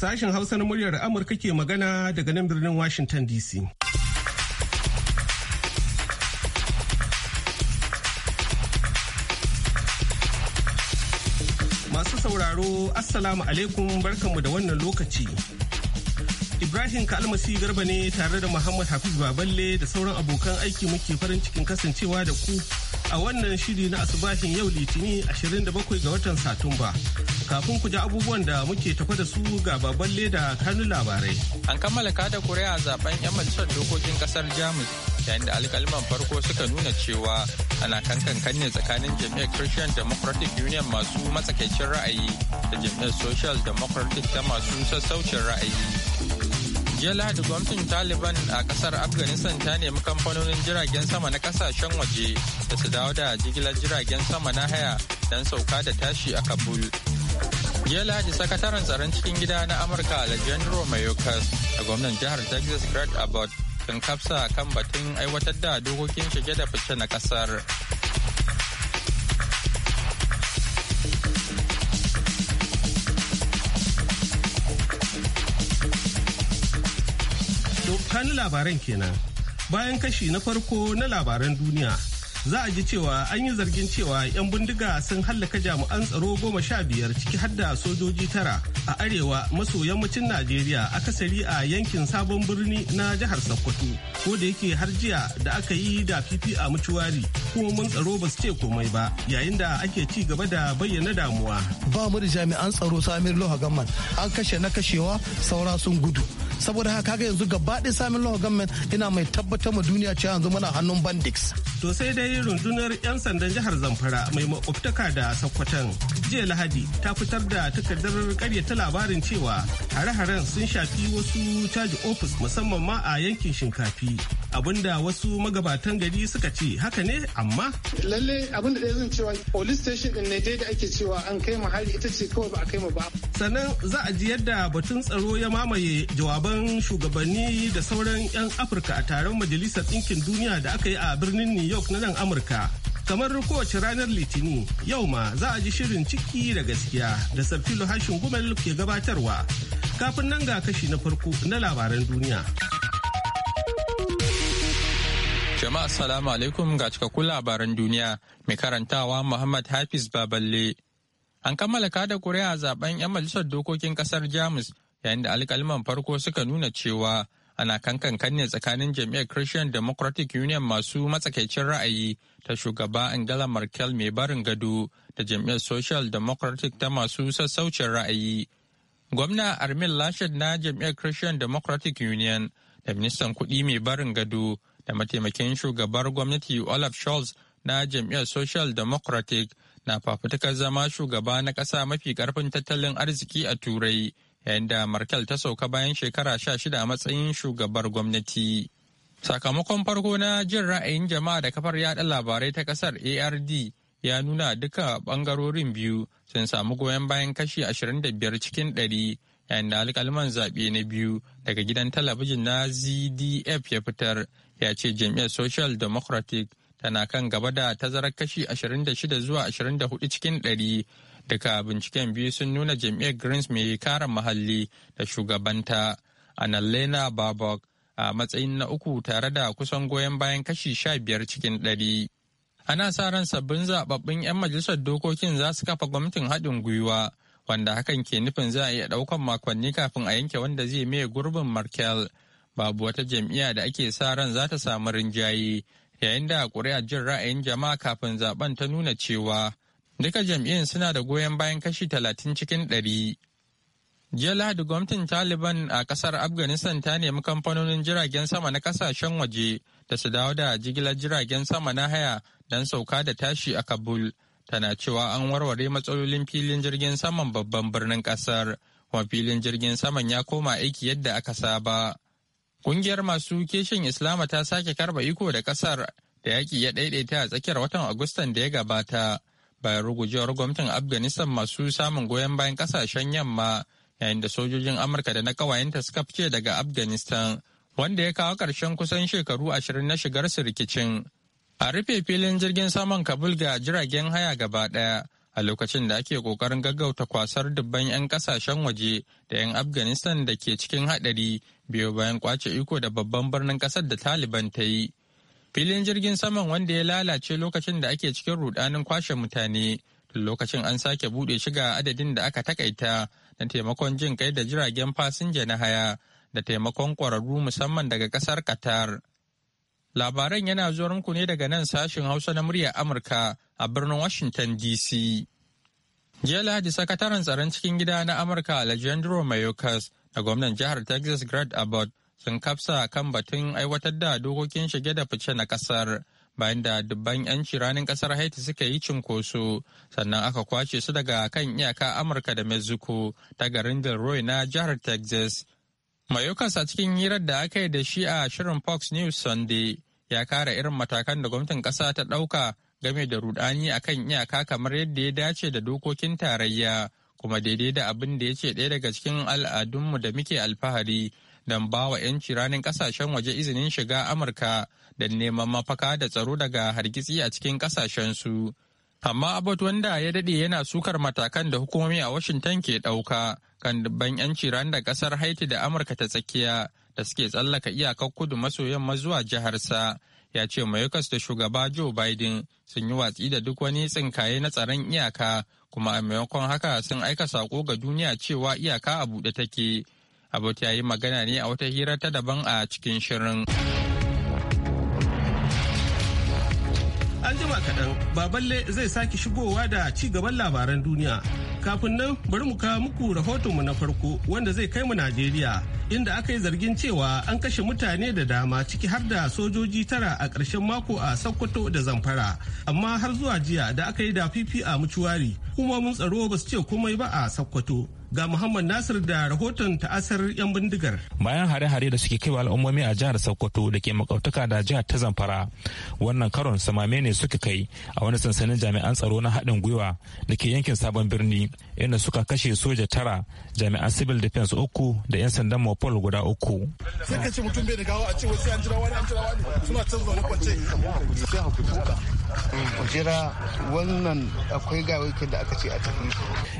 Sashen Hausa na muryar Amurka ke magana daga nan birnin Washington DC. Masu sauraro, Assalamu alaikum barkanmu da wannan lokaci. Ibrahim Kalmasi Garba ne tare da Muhammad Hafiz Baballe da sauran abokan aiki muke farin cikin kasancewa da ku a wannan shiri na asubahin yau litini 27 ga watan satumba kafin ku ji abubuwan da muke tafa da su ga babban leda kanun labarai an kammala kada kuri'a zaben yan majalisar dokokin kasar jamus yayin da alkaliman farko suka nuna cewa ana kankan kanne tsakanin jami'ar christian democratic union masu matsakaicin ra'ayi da jami'ar social democratic ta masu sassaucin ra'ayi jiya lahadi gwamnatin taliban a kasar afghanistan ta nemi kamfanonin jiragen sama na kasashen waje da su dawo da jigilar jiragen sama na haya don sauka da tashi a kabul jiya lahadi sakataren tsaron cikin gida na amurka alejandro mayorkas a gwamnan jihar texas great abbott sun kafsa kan batun aiwatar da dokokin shige da fice na kasar Kani labaran kenan. Bayan kashi na farko na labaran duniya, za a ji cewa an yi zargin cewa 'yan bindiga sun hallaka jami'an tsaro goma sha biyar ciki hadda sojoji tara a arewa maso yammacin Najeriya akasari a yankin sabon birni na jihar Sokoto. Ko da yake har jiya da aka yi da fifi a mutuwari kuma mun tsaro ba su ce komai ba yayin da ake ci gaba da bayyana damuwa. Ba mu da jami'an tsaro Samir Loha an kashe na kashewa saura sun gudu. saboda haka yanzu gaba ɗaya samin law government ina mai tabbatar ma duniya cewa yanzu muna hannun bandits To sai dai rundunar 'yan sandan jihar Zamfara mai makwabtaka da sakkwatan jiya Lahadi ta fitar da takardar karyata labarin cewa hare-haren sun shafi wasu caji ofis musamman ma a yankin shinkafi. abinda wasu magabatan gari suka ce haka ne amma lalle abin da zan cewa police station din ne dai da ake cewa an kai mu hari ita ce kawai ba a kai mu ba sannan za a ji yadda batun tsaro ya mamaye jawaban shugabanni da sauran 'yan afirka a taron majalisar ɗinkin duniya da aka yi a birnin new York na nan Amurka. Kamar kowace ranar litinin yau ma za a ji shirin ciki da gaskiya da Sarfilo Hashin Gumel ke gabatarwa. Kafin nan ga kashi na farko na labaran duniya. Jama'a salamu alaikum ga cikakkun labaran duniya mai karantawa Muhammad Hafiz Baballe. An kammala kada kuri'a zaben 'yan majalisar dokokin kasar Jamus yayin da alkalman farko suka nuna cewa ana kankan ne tsakanin jam'iyyar christian democratic union masu matsakaicin ra'ayi ta shugaba angela merkel mai barin gado da jam'iyyar social democratic ta masu sassaucin ra'ayi gwamna armin lashid na jam'iyyar christian democratic union da ministan kuɗi mai barin gado da mataimakin shugabar gwamnati olaf scholz na jam'iyyar social democratic na fafutukar zama shugaba na ƙasa mafi ƙarfin tattalin arziki a turai yayin da Merkel ta sauka bayan shekara sha shida a matsayin shugabar gwamnati. Sakamakon farko na jin ra'ayin jama'a da kafar yada labarai ta kasar ARD ya nuna duka bangarorin biyu sun samu goyon bayan kashi 25 cikin 100 yayin da alkalman zaɓe na biyu daga gidan talabijin na zdf ya fitar ya ce jam'iyyar social democratic tana kan gaba da tazarar kashi 26 zuwa 24 cikin Duka binciken biyu sun nuna jam'iyyar Greens mai kare muhalli da shugabanta Annalena Babok a matsayin na uku tare da kusan goyon bayan kashi sha biyar cikin ɗari. Ana sa ran sabbin zababbin 'yan majalisar dokokin za su kafa gwamnatin haɗin gwiwa wanda hakan ke nufin za a iya ɗaukan makonni kafin a yanke wanda zai maye gurbin Markel. Babu wata jam'iyya da ake sa ran za ta samu rinjaye yayin da ƙuri'ar jin ra'ayin jama'a kafin zaben ta nuna cewa Duka jam'iyyun suna da goyon bayan kashi talatin cikin ɗari. Jiya Lahadi gwamnatin Taliban a ƙasar Afghanistan ta nemi kamfanonin jiragen sama na ƙasashen waje da su dawo da jigilar jiragen sama na haya don sauka da tashi a Kabul. Tana cewa an warware matsalolin filin jirgin saman babban birnin ƙasar, kuma filin jirgin saman ya koma aiki yadda aka saba. Kungiyar masu keshin Islama ta sake karba iko da ƙasar da yaƙi ya ɗaiɗaita a tsakiyar watan Agustan da ya gabata bayan rugujewar gwamnatin afghanistan masu samun goyon bayan kasashen yamma yayin da sojojin amurka da na kawayenta suka fice daga afghanistan wanda ya kawo ƙarshen kusan shekaru ashirin na shigar su rikicin a rufe filin jirgin saman kabul ga jiragen haya gaba ɗaya a lokacin da ake ƙoƙarin gaggauta kwasar dubban 'yan kasashen waje da 'yan afghanistan da ke cikin haɗari biyo bayan kwace iko da babban birnin ƙasar da taliban ta yi filin jirgin saman wanda ya lalace lokacin da ake cikin rudanin kwashe mutane lokacin an sake bude shiga adadin da aka takaita na taimakon jin kai da jiragen fasinja na haya da taimakon kwararru musamman daga kasar qatar labaran yana zuwarku ne daga nan sashen hausa na muryar amurka a birnin washington dc jiya lahadi sakataren tsaron cikin gida na amurka alejandro mayorkas da gwamnan jihar texas grad abbott sun kafsa kan batun aiwatar da dokokin shige da fice na kasar bayan da dubban 'yanci ranar kasar haiti suka yi cinkoso sannan aka kwace su daga kan iyaka amurka da mexico ta garin del roy na jihar texas mayokas a cikin hirar da aka yi da shi a shirin fox news sunday ya kara irin matakan da gwamnatin kasa ta ɗauka game da rudani a kan iyaka kamar yadda ya dace da dokokin tarayya kuma daidai da abin da ya ce daya daga cikin al'adunmu da muke alfahari don ba wa 'yanci ranin kasashen waje izinin shiga amurka da neman mafaka da tsaro daga hargitsi a cikin su amma abbott wanda ya daɗe yana sukar matakan da hukumomi a washington ke ɗauka kan dubban 'yanci ran da kasar haiti da amurka ta tsakiya da suke tsallaka iyakar kudu maso yamma zuwa jiharsa ya ce mayokas da shugaba joe biden sun yi watsi da duk wani tsinkaye na tsaron iyaka kuma a maimakon haka sun aika sako ga duniya cewa iyaka a buɗe take Abot ya yi magana ne a wata hira ta daban a cikin shirin. An jima kaɗan, baballe zai sake shigowa da ci gaban labaran duniya. Kafin nan bari mu kawo muku rahotonmu na farko wanda zai kai mu Najeriya, inda aka yi zargin cewa an kashe mutane da dama ciki har da sojoji tara a ƙarshen mako a Sokoto da Zamfara. Amma har zuwa jiya da aka yi da fifi a mucuwari, hukumomin tsaro ba su ce komai ba a Sokoto. ga Muhammad Nasir da rahoton ta'asar 'yan bindigar. Bayan hare-hare da suke kaiwa al'ummomi a jihar Sokoto da ke makautaka da jihar ta Zamfara, wannan karon samame ne suka kai a wani sansanin jami'an tsaro na haɗin gwiwa da ke yankin sabon birni inda suka kashe soja tara jami'an civil defense uku da 'yan sandan Mopol guda uku. Sai ka ce mutum bai da gawa a ce wasu an jira wani an jira wani suna canza hukunce. kwance. jira wannan akwai gawakin da aka ce a tafi.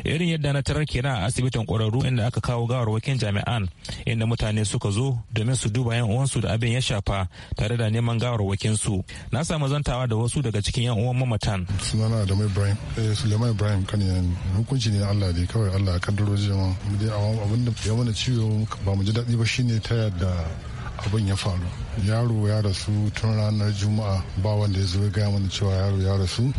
Irin yadda na tarar kenan a asibitin ƙwararru inda aka kawo gawarwakin jami'an inda mutane suka zo domin su duba yan uwansu da abin ya shafa tare da neman gawarwakin su na samu zantawa da wasu daga cikin yan uwan mamatan sunana da mai ibrahim eh suleiman ibrahim kan yan hukunci ne Allah ne kawai Allah kan duro jama'a mu abin da ya mana ciwo ba mu ji daɗi ba shine ta yadda abin ya faru yaro ya rasu tun ranar juma'a ba wanda ya zo ya gaya mana cewa yaro ya rasu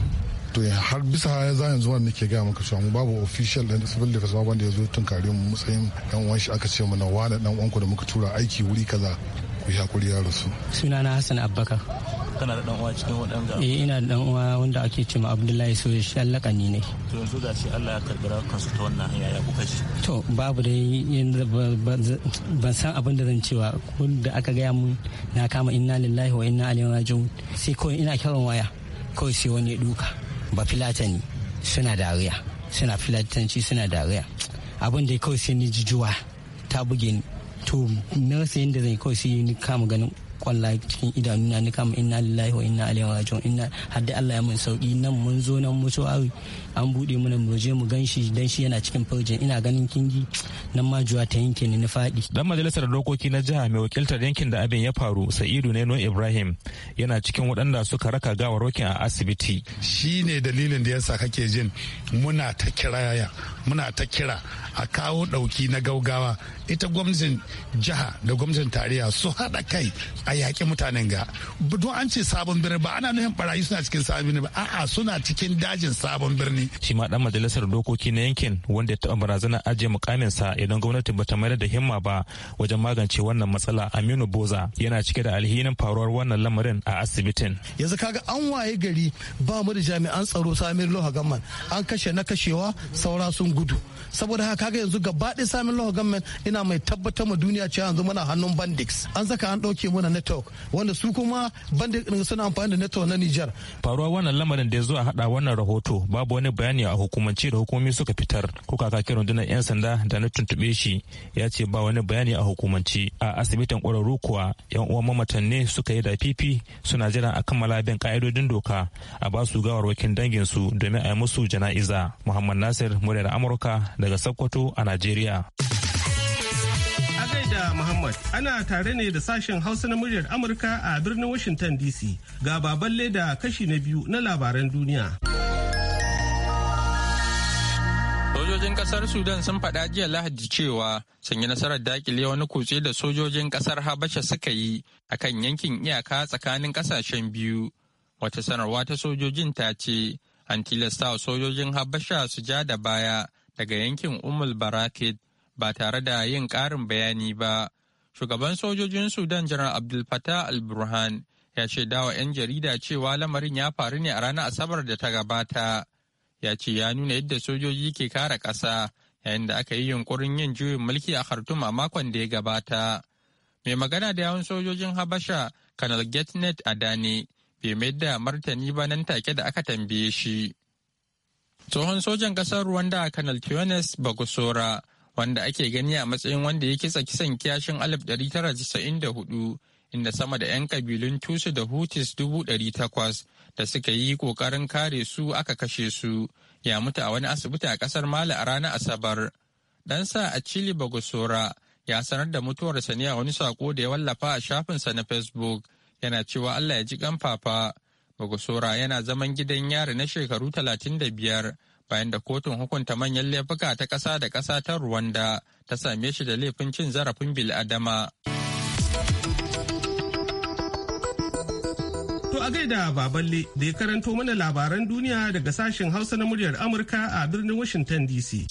to har bisa za yanzu wanda ke gaya maka cewa babu official da civil defense ma wanda ya zo tun kare mu matsayin ɗan uwan shi aka ce mana wani dan uwanku da muka tura aiki wuri kaza ku ya kuri ya rasu sunana hassan abbakar kana da dan uwa cikin waɗanda eh ina da dan uwa wanda ake cewa Abdullahi so shi Allah kani ne to yanzu ga shi Allah ya karbira kansu ta wannan hanya ya kuka ji to babu dai ban san abin da zan cewa kun da aka gaya mun na kama inna lillahi wa inna ilaihi raji'un sai kawai ina kiran waya kawai sai wani ya duka ba filatani suna dariya suna filatanci suna dariya abin da kawai sai ni jijuwa ta buge ni to na yadda zan kawai sai ni kama ganin kwalla cikin idanuna ni kama inna lillahi wa inna ilaihi raji'un inna hadda Allah ya mun sauki nan mun zo nan so awi an bude mana mu je mu ganshi dan shi yana cikin farjin ina ganin kingi nan ma juwa ta yanke ni na fadi dan majalisar dokoki na jiha mai wakiltar yankin da abin ya faru Sa'idu ne no Ibrahim yana cikin waɗanda suka raka gawarwakin a asibiti shine dalilin da yasa kake jin muna ta kiraya muna ta kira a kawo ɗauki na gaugawa ita gwamnatin jiha da gwamnatin tarayya su haɗa kai a yaƙi mutanen ga don an ce sabon birni ba ana nufin barayi suna cikin sabon birni ba a'a suna cikin dajin sabon birni shi ma dan majalisar dokoki na yankin wanda ya taɓa barazana ajiye mukamin sa idan gwamnati bata mayar da himma ba wajen magance wannan matsala Aminu Boza yana cike da alhinin faruwar wannan lamarin a asibitin yanzu kaga an waye gari ba mu da jami'an tsaro Samir Loha Gamman an kashe na kashewa saura sun gudu saboda haka kaga yanzu gaba ɗaya Samir Loha Gamman ina mai tabbatar ma duniya cewa yanzu muna hannun bandits an saka an ɗauke mana na network wanda su kuma bandit suna amfani da network na Niger faruwa wannan lamarin da ya zo a hada wannan rahoto babu wani bayani a hukumance da hukumomi suka fitar ko kaka kiran rundunar yan sanda da na tuntube shi ya ce ba wani bayani a hukumance a asibitin kwararru kuwa yan uwan mamatan ne suka yi da fifi suna jira a kammala bin ka'idodin doka a ba su gawarwakin dangin su domin a yi musu jana'iza muhammad nasir muryar amurka daga sokoto a najeriya da Muhammad ana tare ne da sashen Hausa na muryar Amurka a birnin Washington DC ga baballe da kashi na biyu na labaran duniya. Sojojin kasar Sudan sun faɗa jiya Lahadi cewa sun yi nasarar dakile wani kutse da sojojin kasar Habasha suka yi akan yankin iyaka tsakanin kasashen biyu. Wata sanarwa ta sojojin ta ce an tilasta sojojin Habasha su ja da baya daga yankin Umul Barakit ba tare da yin ƙarin bayani ba. Shugaban sojojin Sudan Janar Abdul Fattah al-Burhan ya ce dawa 'yan jarida cewa lamarin ya faru ne a ranar Asabar da ta gabata. Ya ce ya nuna yadda sojoji ke kare ƙasa yayin da aka yi yunkurin yin juyin mulki a Khartoum a makon da ya gabata. Mai magana da yawan sojojin Habasha, Kanal Getnet Adani, bai mai da martani ba nan take da aka tambaye shi. Tsohon sojan ƙasar Rwanda Kanal Tiones Bagosora wanda ake gani a matsayin wanda ya kisa kisan kiyashin 1994 inda sama da 'yan kabilun tusu da hutus 800 da suka yi kokarin kare su aka kashe su ya mutu a wani asibiti a kasar mali a ranar asabar sa a chile bagosora ya sanar da mutuwarsa ne a wani sako da ya wallafa a shafinsa na facebook yana cewa allah ya ji gan fafa bagosora yana zaman gidan yari na shekaru 35 bayan da kotun hukunta manyan laifuka ta ƙasa da ƙasa ta Rwanda ta same shi da laifin cin zarafin bil'adama. To a gaida baballe da ya karanto mana labaran duniya daga sashen Hausa na muryar Amurka a birnin Washington DC.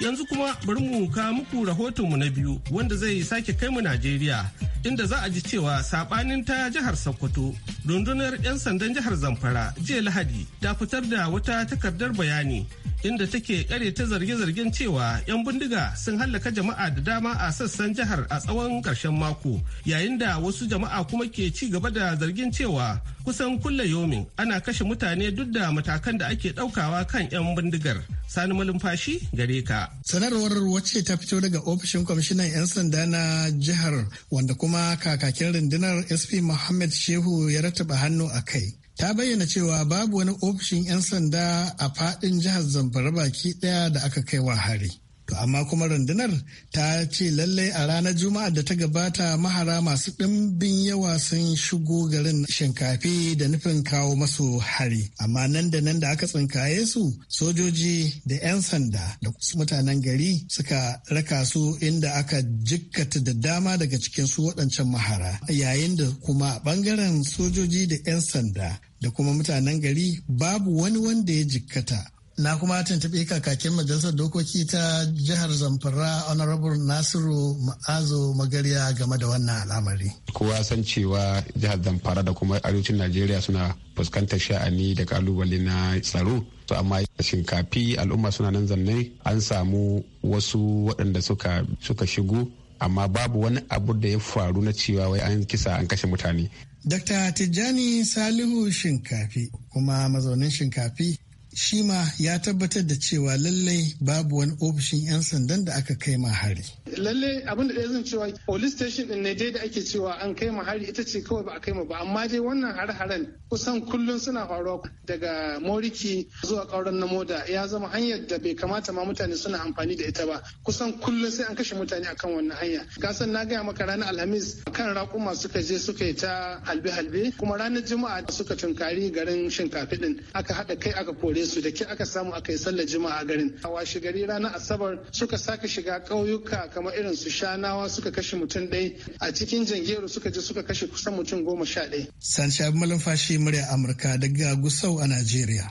yanzu kuma bari mu ka muku rahotonmu na biyu wanda zai sake kai mu najeriya inda za a ji cewa sabanin ta jihar sokoto rundunar 'yan sandan jihar zamfara jiya lahadi ta fitar da wata takardar bayani inda take kare ta zarge-zargen cewa 'yan bindiga sun hallaka jama'a da dama a sassan jihar a tsawon karshen mako yayin da wasu jama'a kuma ke ci gaba da zargin cewa kusan kulle yomin ana kashe mutane duk da matakan da ake daukawa kan 'yan bindigar Sani malumfashi gare ka. Sanarwar wacce ta fito daga ofishin kwamishinan 'yan sanda na jihar wanda kuma kakakin rundunar SP Muhammad Shehu ya rattaba hannu a kai. Ta bayyana cewa babu wani ofishin 'yan sanda a faɗin jihar Zamfara baki ɗaya da aka kai wa hari. To amma kuma rundunar ta ce lallai a ranar Juma'a da ta gabata mahara masu ɗimbin yawa sun shigo garin shinkafi da nufin kawo masu hari. Amma nan da nan da aka tsinkaye su sojoji da 'yan sanda da mutanen gari suka raka su inda aka jikkata da dama daga cikin su waɗancan mahara. Yayin da kuma ɓangaren sojoji da 'yan sanda da kuma mutanen gari babu wani wanda ya jikkata. na kuma tuntuɓe kakakin majalisar dokoki ta jihar zamfara honorable nasiru ma'azo magarya game da wannan al'amari kowa san cewa jihar zamfara da kuma arewacin najeriya suna fuskantar sha'ani da kalubale na tsaro to amma shinkafi al'umma suna nan zanne an samu wasu waɗanda suka suka shigo amma babu wani abu da ya faru na cewa wai an kisa an kashe mutane Dr. Tijjani Salihu Shinkafi kuma mazaunin Shinkafi shi ma ya tabbatar da cewa lallai babu wani ofishin 'yan sandan da aka kai ma hari. Lallai abin da ɗaya zan cewa police station ɗin ne dai da ake cewa an kai ma hari ita ce kawai ba a kai ma ba amma dai wannan har-haren kusan kullum suna faruwa daga moriki zuwa kauran na moda ya zama hanyar da bai kamata ma mutane suna amfani da ita ba kusan kullum sai an kashe mutane akan wannan hanya kasan na gaya maka ranar alhamis kan raƙuma suka je suka yi ta halbe-halbe kuma ranar juma'a suka tunkari garin shinkafi din aka haɗa kai aka kore su da ke aka samu aka yi sallar jima'a garin a washe gari ranar asabar suka saka shiga ƙauyuka kamar irin su shanawa suka kashe mutum ɗaya a cikin jangeru suka je suka kashe kusan mutum goma sha ɗaya. Sanci Malumfashi Kamaru murya Amurka daga Gusau a Najeriya.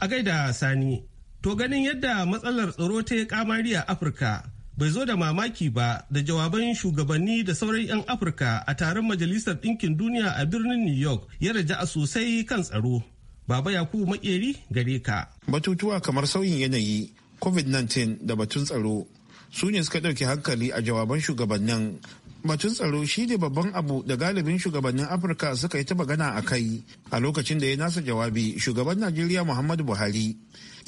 A gaida Sani, to ganin yadda matsalar tsaro ta yi kamari a Afirka bai zo da mamaki ba da jawaban shugabanni da sauran 'yan Afirka a taron Majalisar Ɗinkin Duniya a birnin New York ya raja a sosai kan tsaro. Baba Yakubu Makeri gare ka. Batutuwa kamar sauyin yanayi, COVID-19 da batun tsaro su ne suka ɗauki hankali a jawaban shugabannin batun tsaro shi ne babban abu da galibin shugabannin afirka suka yi ta magana a kai a lokacin da ya nasa jawabi shugaban najeriya muhammadu buhari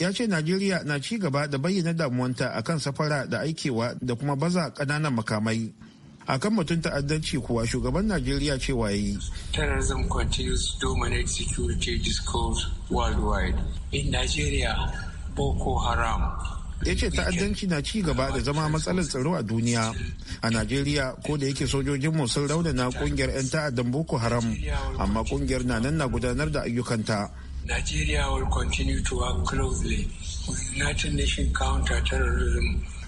ya ce najeriya na ci gaba da bayyana damuwanta akan safara da aikewa da kuma baza ƙananan makamai akan batun ta'addanci kuwa shugaban najeriya ce waye. terrorism continues to dominate security discourse worldwide in nigeria boko haram ya ce ta'addanci na ci gaba da zama matsalar tsaro a duniya a najeriya ko da yake sojojin sojojinmu sun raunana kungiyar 'yan ta'addan boko haram amma kungiyar na nan na gudanar da ayyukanta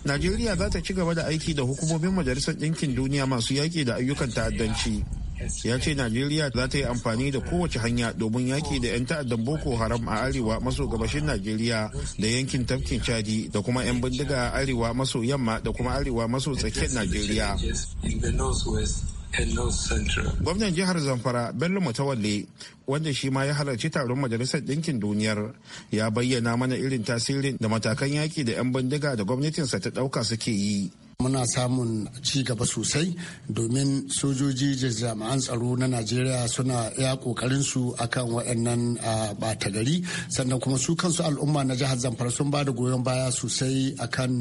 Najeriya za ta ci gaba da aiki da hukumomin Majalisar Ɗinkin Duniya masu yaƙi da ayyukan ta'addanci. ya ce najeriya za ta yi amfani da kowace hanya domin yaki da 'yan ta'addan boko haram a arewa maso gabashin najeriya da yankin tafkin chadi da kuma 'yan bindiga a arewa maso yamma da kuma arewa maso tsakiyar najeriya Gwamnan jihar Zamfara Bello Mutawalle wanda shi ma ya halarci taron Majalisar Ɗinkin Duniyar ya bayyana mana irin tasirin da matakan yaki da 'yan bindiga da gwamnatinsa ta ɗauka suke yi muna samun ci gaba sosai domin sojoji da jami'an tsaro na najeriya suna ya kokarin su akan waɗannan bata gari sannan kuma su kansu al'umma na jihar zamfara sun ba da goyon baya sosai akan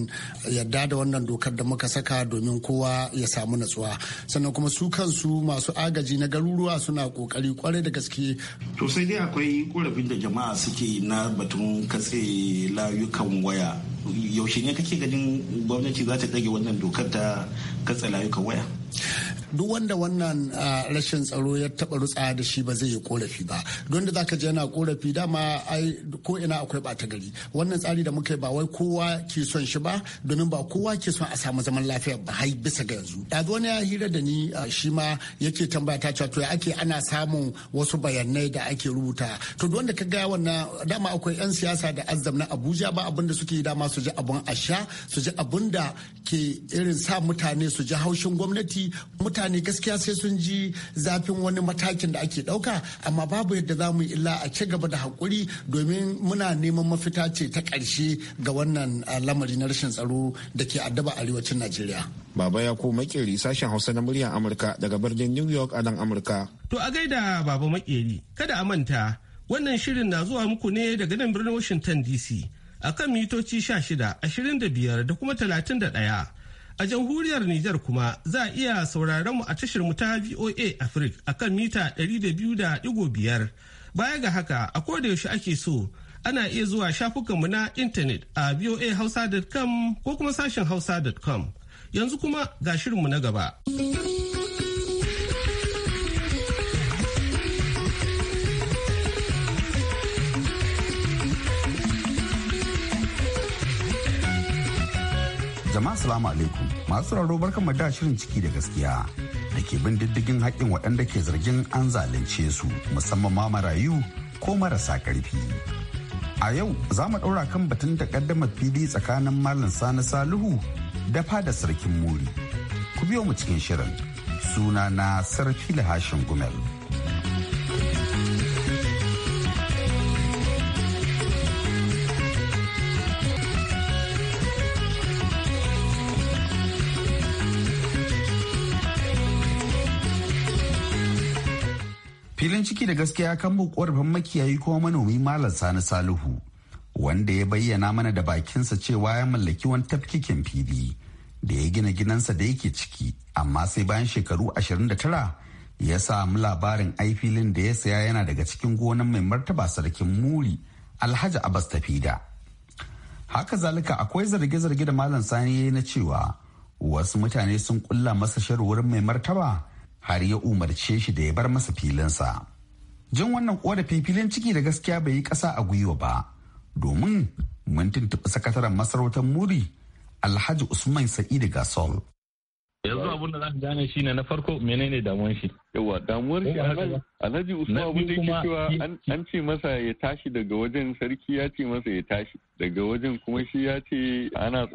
yadda da wannan dokar da muka saka domin kowa ya samu natsuwa sannan kuma su kansu masu agaji na garuruwa suna kokari kwarai da gaske to sai dai akwai korafin da jama'a suke na batun katse layukan waya yaushe ne kake ganin gwamnati za ta ɗage wannan wannan dokar ta katse layukan waya duk wanda wannan rashin tsaro ya taba rutsa da shi ba zai yi korafi ba don da zaka je yana korafi dama ai ko ina akwai bata gari wannan tsari da muka yi ba wai kowa ke son shi ba domin ba kowa ke son a samu zaman lafiya ba har bisa ga yanzu yanzu wani ya hira da ni shi ma yake tambaya ta cewa to ya ake ana samun wasu bayanai da ake rubuta to duk wanda ka ga wannan dama akwai yan siyasa da azzam na Abuja ba abin da suke dama su ji abun asha su ji abun da ke irin sa mutane su ji haushin gwamnati mutane mutane gaskiya sai sun ji zafin wani matakin da ake ɗauka amma babu yadda za mu illa a ci gaba da hakuri domin muna neman mafita ce ta ƙarshe ga wannan ah, lamari na rashin tsaro da ke addaba arewacin Najeriya. Baba ya ko makeri sashen Hausa na muryar Amurka daga birnin New York a nan Amurka. To a gaida Baba makeri kada a manta wannan shirin na zuwa muku ne daga nan birnin Washington DC akan mitoci 16, 25 da kuma 31. A jamhuriyar Nijar kuma za a iya sauraron mu a tashar mu ta VOA Africa akan mita 200.5. Baya ga haka a koda yaushe ake so ana iya zuwa shafukanmu na intanet a voahausa.com ko kuma sashen hausa.com. Yanzu kuma ga shirinmu na gaba. Jama'a salamu alaikum masu raro barkan da shirin ciki da gaskiya da ke bin diddigin haƙƙin waɗanda ke zargin an zalunce su musamman ma marayu ko marasa ƙarfi. A yau za mu ɗaura kan batun da ƙaddamar fili tsakanin Malam Sani Salihu da fada Sarkin Muri. Ku biyo mu cikin shirin suna na Sarfila Hashin Gumel. da gaskiya kan mu korafin makiyayi kuma manomi Malam Sani Salihu wanda ya bayyana mana da bakinsa cewa ya mallaki wani tafkikin fili da ya gina sa da yake ciki amma sai bayan shekaru ashirin da tara ya samu labarin ai filin da ya saya yana daga cikin gonan mai martaba sarkin muri alhaji abbas tafida haka zalika akwai zarge-zarge da malam sani ya yi na cewa wasu mutane sun kulla masa sharuwar mai martaba har ya umarce shi da ya bar masa filinsa jan wannan korafi filin ciki da gaskiya bai yi ƙasa a gwiwa ba domin mun tuntuɓi sakataren masarautar muri alhaji usman sa'idu gasol yanzu abin da za ka gane shi na farko menene damuwar shi yawa damuwar shi eh, haka alhaji usman abin da yake cewa an ce masa ya tashi daga wajen sarki ya ce masa ya tashi daga wajen kuma shi ya ce ana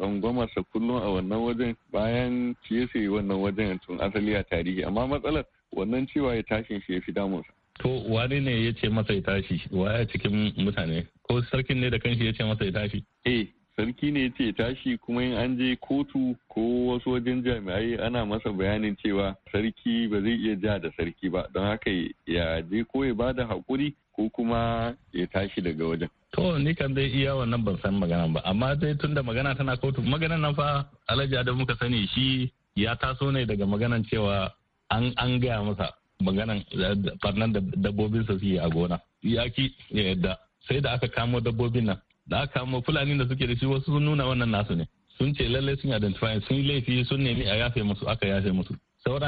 sa kullum a wannan wajen bayan shi ya wannan wajen tun asali a tarihi amma matsalar wannan cewa ya tashi shi ya fi damunsa To wani ne ya ce masa ya tashi waya cikin mutane ko sarkin ne da kanshi ya ce masa ya tashi? Eh sarki ne ya ce tashi kuma in an je kotu ko wasu wajen jami'ai ana masa bayanin cewa sarki ba zai iya ja da sarki ba don haka ya je ko ya bada haƙuri ko kuma ya tashi daga wajen. To ni kan dai iya wannan ban san magana ba amma dai tunda magana tana kotu maganan nan fa Alhaji Adamu muka sani shi ya taso ne daga maganan cewa an an gaya masa maganan farnan eh, da dabbobinsa su yi a gona ya ki yadda sai da aka kamo dabbobin nan da aka kamo fulani da suke da shi wasu sun nuna wannan nasu ne sun ce lallai sun identify sun yi laifi sun nemi a yafe musu aka yafe musu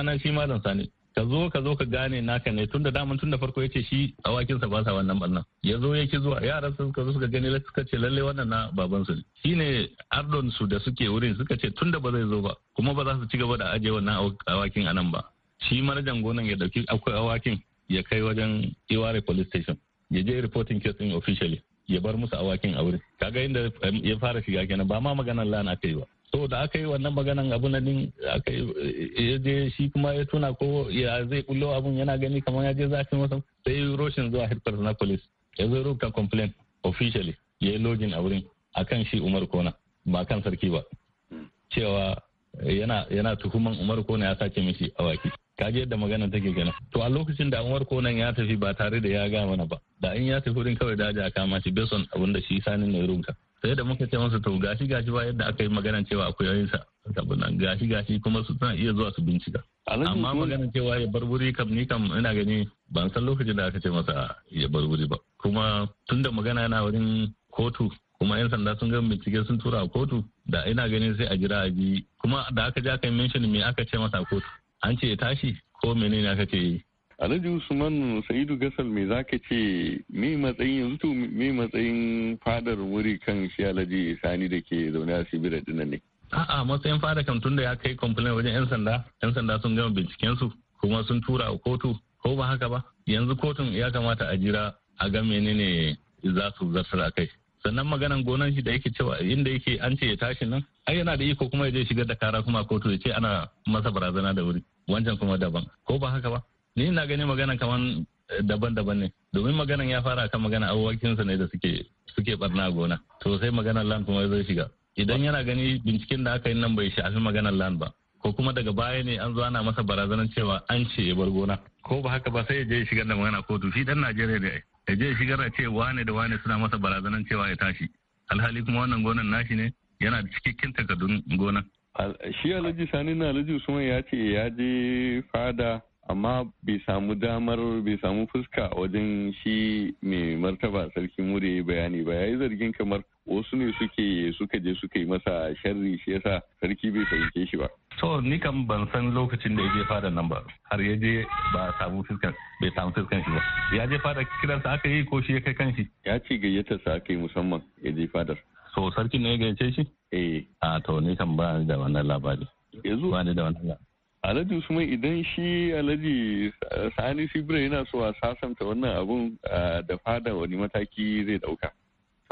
nan shi malam sani ka zo ka zo ka gane naka ne tunda daman tunda farko yace shi sa ba sa wannan barnan ya zo yake zuwa yaran sun suka zo suka gani suka ce lalle wannan na baban su ne shine ardon su da suke wurin suka ce tunda ba zai zo ba kuma ba za su ci gaba da aje wannan awakin anan ba shi manajan gonan ya dauki akwai awakin ya kai wajen iware police station ya je reporting case in officially ya bar musu awakin a wurin kaga inda ya fara shiga kenan ba ma maganar lana aka yi ba so da aka yi wannan maganan na din aka e, ya je shi kuma ya tuna ko ya zai kullo abun yana gani kamar ya je zafin wasu sai roshin zuwa headquarters na police ya zo rubuta complaint officially ya yi login a wurin akan shi Umar Kona ba kan sarki ba hmm. cewa yana tuhuman Umar Kona ya sace mishi awaki kaji yadda magana take kenan to a lokacin da anwar konan ya tafi ba tare da ya ga mana ba da in ya tafi wurin kawai daji a kama shi beson abin da shi sanin ne runka sai da muka ce masa to gashi gashi ba yadda aka yi magana cewa akwai yoyinsa saboda gashi gashi kuma su tana iya zuwa su bincika amma magana cewa ya bar wuri kam ni kam ina gani ban san lokacin da aka ce masa ya bar wuri ba kuma tunda magana yana wurin kotu kuma 'yan sanda sun ga bincike sun tura a kotu da ina ganin sai a jira a ji kuma da aka ji aka yi me aka ce masa a kotu an ce tashi ko menene aka ce yi Alhaji Usman Sa'idu Gasal me zaka ce me matsayin yanzu to me matsayin fadar wuri kan shi Alhaji Sani da ke zaune a Sibira dinnan ne? A'a matsayin fada kan tunda ya kai complain wajen 'yan sanda, 'yan sanda sun gama binciken su kuma sun tura a kotu ko ba haka ba yanzu kotun ya kamata a jira a ga menene za su zartar a kai. sannan maganan gonan shi da yake cewa inda yake an ce ya tashi nan ai yana da iko kuma ya je shigar da kara kuma kotu ya ce ana masa barazana da wuri wancan kuma daban ko ba haka ba ni na gani maganan kaman eh, daban-daban ne domin maganan ya fara kan magana abubakinsa ne da suke suke barna gona to sai maganan land kuma zai shiga idan yana gani binciken da aka yi nan bai shafi maganan land ba ko kuma daga baya ne an zo ana masa barazanar cewa an ce ya bar gona ko ba haka ba sai ya je shigar da magana kotu shi dan Najeriya ne ya je shigar a ce wane da wane suna masa barazanan cewa ya tashi alhali kuma wannan gonan nashi ne yana da cikakken takardun gona. shi alhaji sani na alhaji usman ya ce ya je fada amma bai samu damar bai samu fuska wajen shi mai martaba sarki mure bayani ba ya yi zargin kamar wasu ne suke suka je suka yi masa sharri shi yasa sarki bai fahimce shi ba to ni kam ban san lokacin da ya je fada nan ba har ya je ba samu fiskan bai samu fiskan shi ba ya je fada kiransa aka yi ko shi ya kai kanshi ya ce gayyatarsa aka yi musamman ya je fada. so sarkin ne ya gayyace shi eh a to ni kan ba ni da wannan labari yanzu ba ni da wannan labari Alhaji Usman idan shi Alhaji Sani Sibira yana so a sasanta wannan abun da fada wani mataki zai dauka.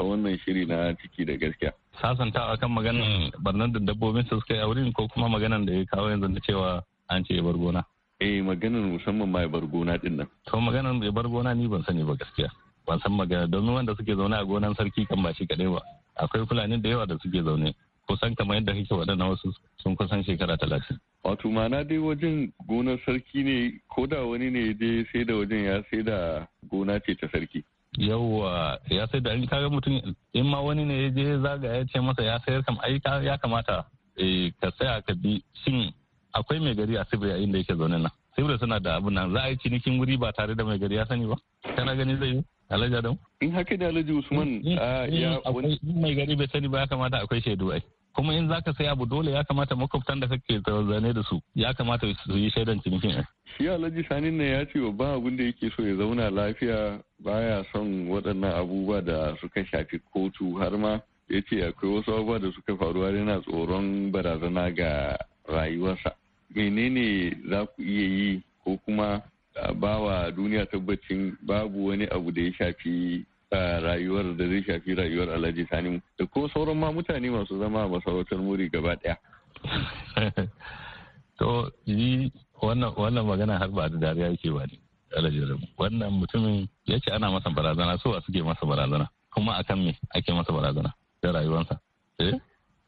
a wannan shiri na ciki da gaskiya. Sasantawa kan maganan barnar da dabbobin su suka yi a wurin ko kuma maganan da ya kawo yanzu na cewa an ce ya bar gona. Eh maganan musamman ma ya bar gona din nan. To da ya bar gona ni ban sani ba gaskiya. Ban san magana domin wanda suke zaune a gonan sarki kan ba shi kaɗai ba. Akwai fulani da yawa da suke zaune. Kusan kamar yadda kake waɗannan wasu sun kusan shekara talatin. Wato mana dai wajen gonar sarki ne ko da wani ne dai sai da wajen ya sai da gona ce ta sarki. yawa ya sai da kaga mutum in ma wani ne ya je zaga ya ce masa ya sayar kam ai ya kamata eh, ka tsaya ka bi shin akwai mai gari a sibira inda yake zaune nan sibira suna da abin nan za a yi cinikin wuri ba tare da mai gari ya sani ba kana gani zai yi alhaji adam in haka da alhaji usman ah, ya wani mai gari bai sani ba ya kamata akwai shaidu ai kuma in zaka sai abu dole ya kamata makwabtan da kake zane da su ya kamata su yi shaidan cinikin shi alhaji sanin ne ya ce ba abun da yake so ya zauna lafiya baya son waɗannan abubuwa da suka shafi kotu har ma ya ce akwai wasu abubuwa da suka faru har yana tsoron barazana ga rayuwarsa menene za ku iya yi ko kuma ba wa duniya tabbacin babu wani abu da ya shafi rayuwar da zai shafi rayuwar alhaji sani da ko sauran ma mutane masu zama a masarautar muri gaba daya to yi wannan magana har ba da dariya yake ba ne alhaji rabu wannan mutumin ya ce ana masa barazana so a suke masa barazana kuma akan me ake masa barazana da rayuwarsa eh?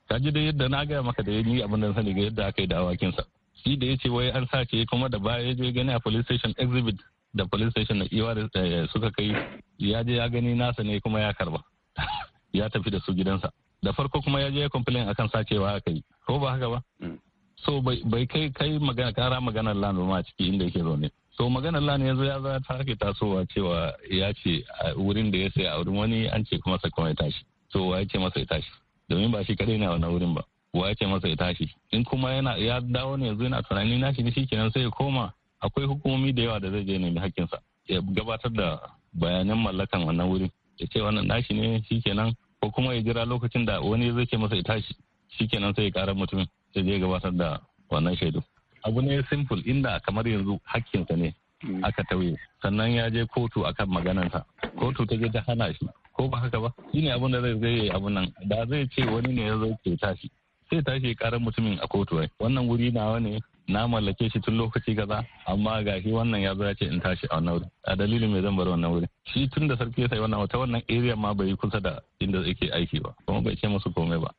ka ji da yadda na gaya maka da yi abin da sani ga yadda aka yi da awakinsa shi da ya ce wai an sace kuma da baya ya je gani a police station exhibit da police station na iwa da eh, suka kai ya je ya gani nasa ne kuma ya karba ya tafi da su gidansa da farko kuma ya je ya complain akan sacewa aka yi ko ba haka ba mm. so bai kai kai magana kara maganar lan ba ciki inda yake zaune so maganar lan yanzu ya za ta ake tasowa cewa ya ce wurin da ya sai a wurin wani an ce kuma sakon ya tashi so wa ya ce masa ya tashi domin ba shi kadai ne a wannan wurin ba wa ya ce masa ya tashi in kuma yana ya dawo ne yanzu yana tunani na shi kenan sai ya koma akwai hukumomi da yawa da zai je nemi hakkinsa ya gabatar da bayanan mallakan wannan wurin ya ce wannan nashi ne shikenan ko kuma ya jira lokacin da wani zai ce masa ya tashi shikenan sai ya karar mutumin sai je gabatar da wannan shaidu abu ne simple inda kamar yanzu hakkinsa ne mm. aka tauye sannan ya je kotu akan maganarsa kotu ta je ta hana shi ko ba haka ba shine abin da zai zai abun nan da zai ce wani ne ya zo ke tashi sai tashi ya karar mutumin a kotu wannan wuri nawa ne na mallake shi tun lokaci kaza amma ga shi wannan ya zo ya ce in tashi a wannan wuri a dalilin mai zan bar wannan wuri shi tun da sarki ya sai wannan wata wannan area ma bai yi kusa da inda yake aiki ba kuma bai ce musu komai ba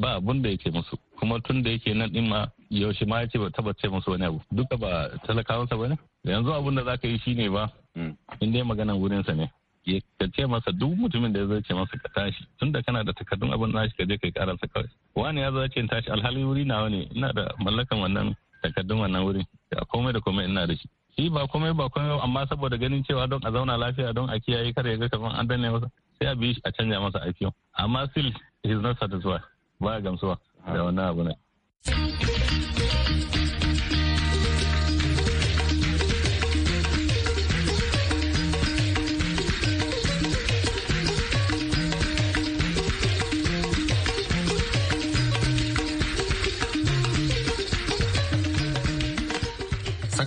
ba abun da yake musu kuma tun da yake nan din ma yaushe ma ya ce ba taba ce musu wani abu duka ba talakawansa ba ne yanzu abun da za ka yi shine ba hmm. in dai maganan wurinsa ne ya ce masa duk mutumin da ya zace masa ka tashi tun da kana da takardun abin nashi ka je yi karanta kawai wani ya zace in tashi alhali wuri nawa ne ina da mallakan wannan takaddun wannan wurin komai da komai ina da shi shi ba komai ba komai amma saboda ganin cewa don a zauna lafiya don a kiyaye kar ya ga kaman an danne masa sai a bi a canja masa IPO amma still is not satisfied ba gamsuwa da wannan abu ne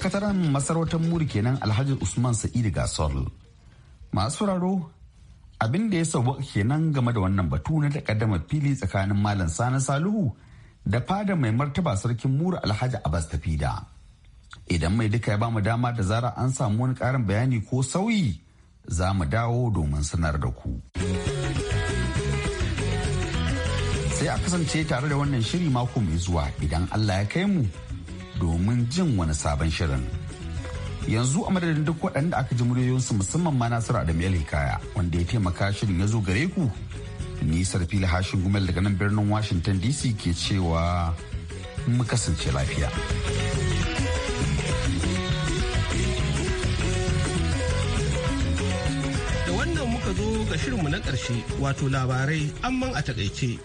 sakataren masarautar muri kenan alhaji usman sa'idu gasol masu raro abin da ya sauwa kenan game da wannan batu na takaddama fili tsakanin malam sani saluhu da fada mai martaba sarkin muri alhaji abbas tafida idan mai duka ya bamu dama da zara an samu wani karin bayani ko sauyi za mu dawo domin sanar da ku sai a kasance tare da wannan shiri mako mai zuwa idan allah ya kai mu domin jin wani sabon shirin. Yanzu a madadin duk waɗanda aka ji muryoyinsu musamman ma Nasiru Adam Hikaya wanda ya taimaka shirin ya zo gare ku. Ni Sarfil Hashin Gumel daga nan birnin Washington DC ke cewa mu kasance lafiya. Da wannan muka zo ga shirinmu na ƙarshe wato labarai amman a takaice.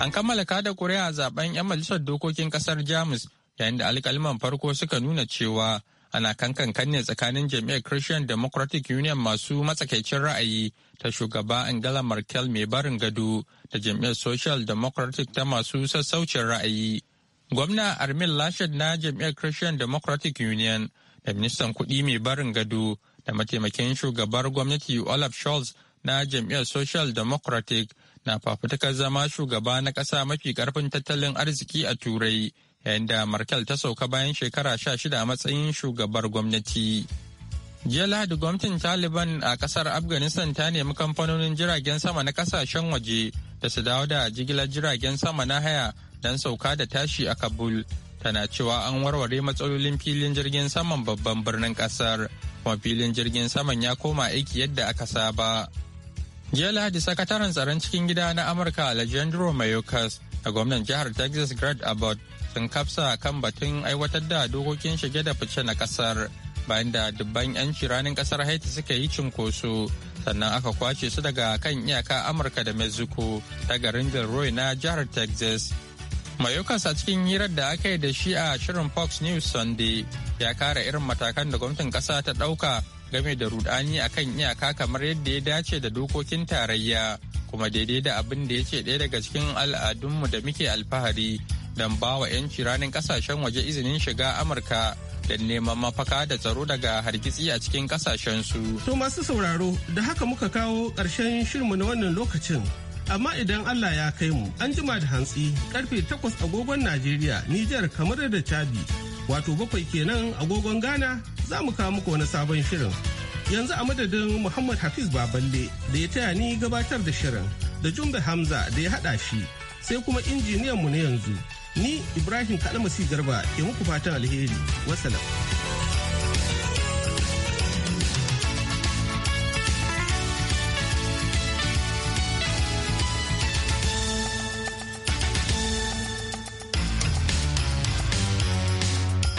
An kammala kada kuri'a zaben 'yan majalisar dokokin kasar Jamus yayin da alkaliman farko suka nuna cewa ana kankan kanne tsakanin jami'ar Christian Democratic Union masu matsakaicin ra'ayi ta shugaba Angela Merkel mai barin gado da jam'iyyar Social Democratic ta masu sassaucin ra'ayi. Gwamna Armin Laschet na jam'iyyar Christian Democratic Union da ministan kuɗi mai barin gado da mataimakin shugabar gwamnati Olaf Scholz na jami'ar Social Democratic na fafutukar zama shugaba na ƙasa mafi ƙarfin tattalin arziki a turai yayin da markel ta sauka bayan shekara sha shida a matsayin shugabar gwamnati. Jiya Lahadi gwamnatin Taliban a ƙasar Afghanistan ta nemi kamfanonin jiragen sama na ƙasashen waje da su dawo da jigilar jiragen sama na haya don sauka da tashi a Kabul. Tana cewa an warware matsalolin filin jirgin saman babban birnin ƙasar kuma filin jirgin saman ya koma aiki yadda aka saba. jiya lahadi sakataren tsaron cikin gida na amurka alejandro mayorkas da gwamnan jihar texas grad abbott sun kafsa kan batun aiwatar da dokokin shige da fice na kasar bayan da dubban 'yan shiranin kasar haiti suka yi cinkoso sannan aka kwace su daga kan iyaka amurka da mexico ta garin del roy na jihar texas mayokas a cikin hirar da aka yi da shi a shirin fox news sunday ya kara irin matakan da gwamnatin kasa ta ɗauka. game da rudani akan iyaka kamar yadda ya dace da dokokin tarayya kuma daidai da abin da ce ɗaya daga cikin al'adunmu da muke alfahari don ba wa 'yanci ranin kasashen waje izinin shiga amurka don neman mafaka da tsaro daga hargitsi a cikin su. to masu sauraro da haka muka kawo ƙarshen shirinmu na wannan lokacin amma idan allah ya kai mu an jima da hantsi karfe 8 agogon najeriya nijar kamar da chadi wato bakwai kenan agogon ghana za mu kawo muku wani sabon shirin yanzu a madadin muhammad hafiz baballe da ya taya ni gabatar da shirin da jumbe hamza da ya haɗa shi sai kuma injiniyan mu na yanzu ni ibrahim kalmasi garba ke muku fatan alheri wasalam.